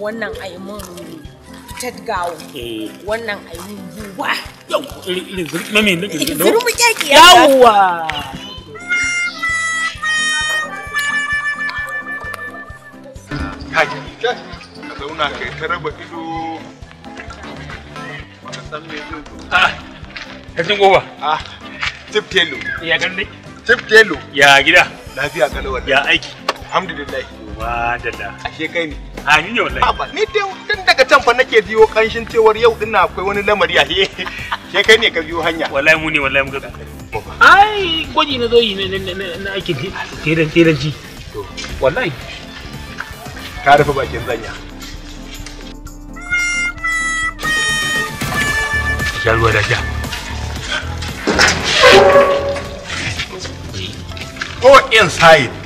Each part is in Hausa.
wannan aimun eh. wannan aimun buwa zurmi kyaki kaji ka zauna kai ta raba ido ka san me zo ah ka goba ah tip telo ya gande tip telo ya gida lafiya kalawar ya aiki alhamdulillah wa dalla ashe kai ne Amin ne wallahi. Ni dai tun daga can fa nake jiyo kanshin cewar yau ina akwai wani lamari a he. Ke kai ne ka biyo hanya. Wallahi mu ne wallahi mu ga. Ai gwaji na zo yi ne na ake teran teran ji. Wallahi. Ka rufe bakin zanya. Sha ruwa da sha. Go inside.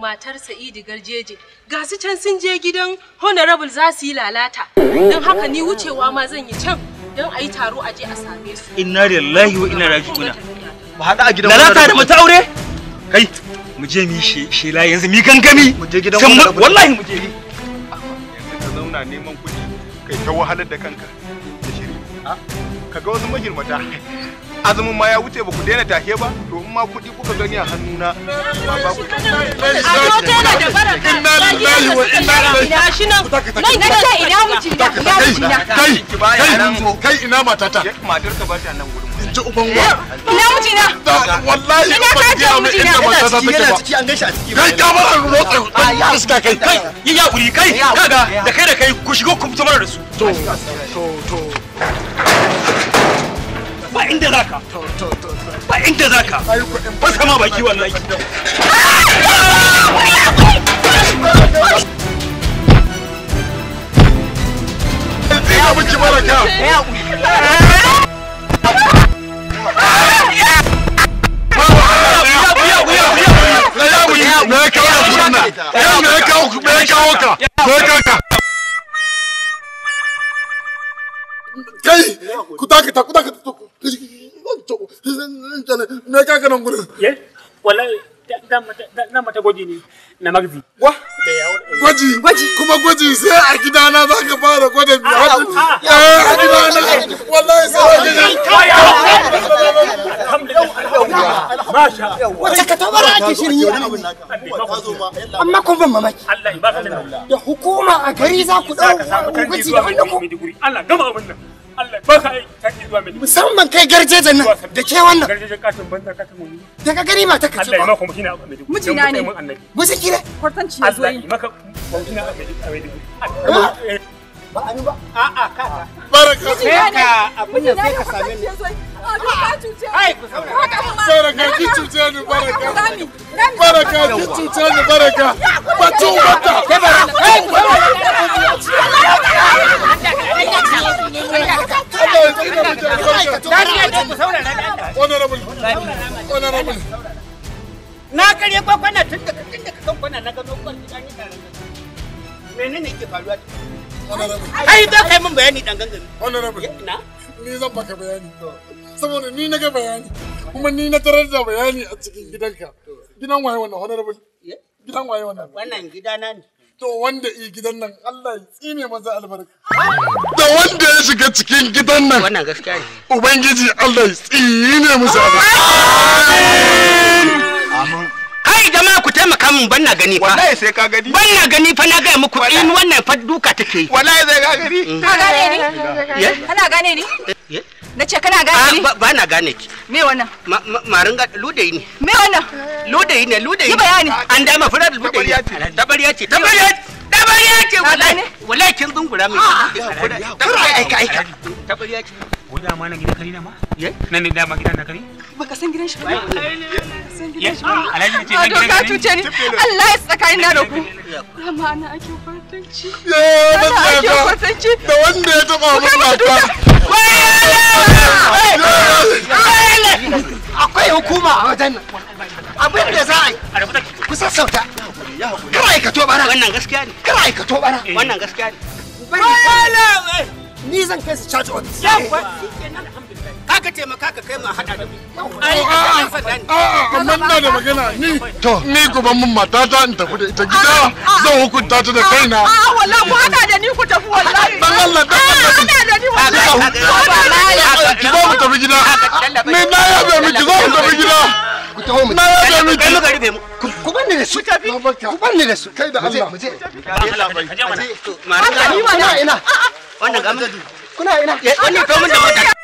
matar Sa'idu Garjeje ga su can sun je gidan honorable za su yi lalata don haka ni wucewa ma zan yi can don a yi taro a je a same su inna lillahi wa inna raji'una ba hada a gidan lalata da mata aure kai mu je mi shela yanzu mi gangami mu je gidan wallahi mu je ni. ka zauna neman kuɗi kai ta wahalar da kanka Ka shiri ah, ka ga wasu magirmata azumin ma ya wuce ba ku daina tashe ba to in ma kuɗi kuka gani a hannuna ba ba ku na inna lillahi wa inna ilaihi shi nan nan ina miji na ina miji na kai kai kai ina matata matar ba ta nan gurin ji uban wa ina miji na wallahi ina ta ce miji na matata take ba ciki an gaishe a ciki kai ka bar rotsa dan iska kai kai yi yakuri kai kaga da kai da kai ku shigo ku fito da su to to to ba inda za ka ba inda za ka ba sama baki wallahi Ya buci baraka! kawo ka? ya kawo ka? ku dakata ku dakata na kaka nan gurin ye wallahi dan mata gwaji ne na magzi wa gwaji gwaji kuma gwaji sai a gidana za ka fara gwada biya a gidana wallahi sai a gidana amma kun ban mamaki da hukuma a gari za ku dau gwaji da ku Allah gama abin nan Allah ba ka aiki ki zuwa mai musamman kai garjejen nan da ke wannan garjejen a banza katin mu da ka gani ba ta kace ba Allah ya maka mutuna a mai mijina ne musiki ne kwartanci ya zo yi maka mutuna a mai ba a ba a a ka baraka sai ka abin da sai ka same ni ah, ka a ki cuce ni baraka baraka ki cuce ni baraka batu bata honorable honorable na kare tun da tun da kan kwana na gano kwan gidan ni tare menene yake faruwa honorable ai da kai mun bayani dan gangan honorable na ni zan baka bayani saboda ni na ga bayani kuma ni na tarar da bayani a cikin gidanka gidan waye wannan honorable gidan waye wannan wannan gidana ne To wanda i gidan nan Allah ya tsine masa albarka. Da wanda ya shiga cikin gidan nan. Wannan gaskiya ne. Ubangiji Allah ya tsine maza albarka. Kai jama'a ku taimaka min ban na gani fa. Wallahi sai ka gani. Ban na gani fa na gaya muku in wannan fa duka take. Wallahi sai ka gani. Mm. Ka gane ni? Kana gane ni? Na ce kana gane ah, ni? Ba na gane ki. Me wannan? Marin ga ludayi ne. Me wannan? Ludayi ne, ludayi. Yi bayani. An dama fura da ludayi. Tabariya ce. Tabariya ce. Tabariya ce kin zungura min. Tabariya ah. aika aika. Tabariya ce. Ko da ma na gidan kari na ma? Ye? ne dama gidan na kari? Baka san gidan ah, ce gidan kari. ni. Allah ya na da ku. ana ake kwatanci. Ya ba ta ga. Da wanda ya taba mun yi hukuma a wajen nan abin da za a yi ku sassauta kar aikato bana wannan gaskiya ne kar aikato bana eh. wannan gaskiya ne ni zan kai su charge office aka taimaka ka kai ma hada da mu ai amma ina da magana ni ni goban mun mata ta in tafi da ita gida zan hukunta ta da kaina a wallahi ku hada da ni ku tafi wallahi dan Allah dan Allah hada da ni wallahi ki zo mu tafi gida ni na yabe miki zo tafi gida ku mu na yabe miki kai muka rufe mu ku banne da su ku banne da su kai da Allah mu je mu je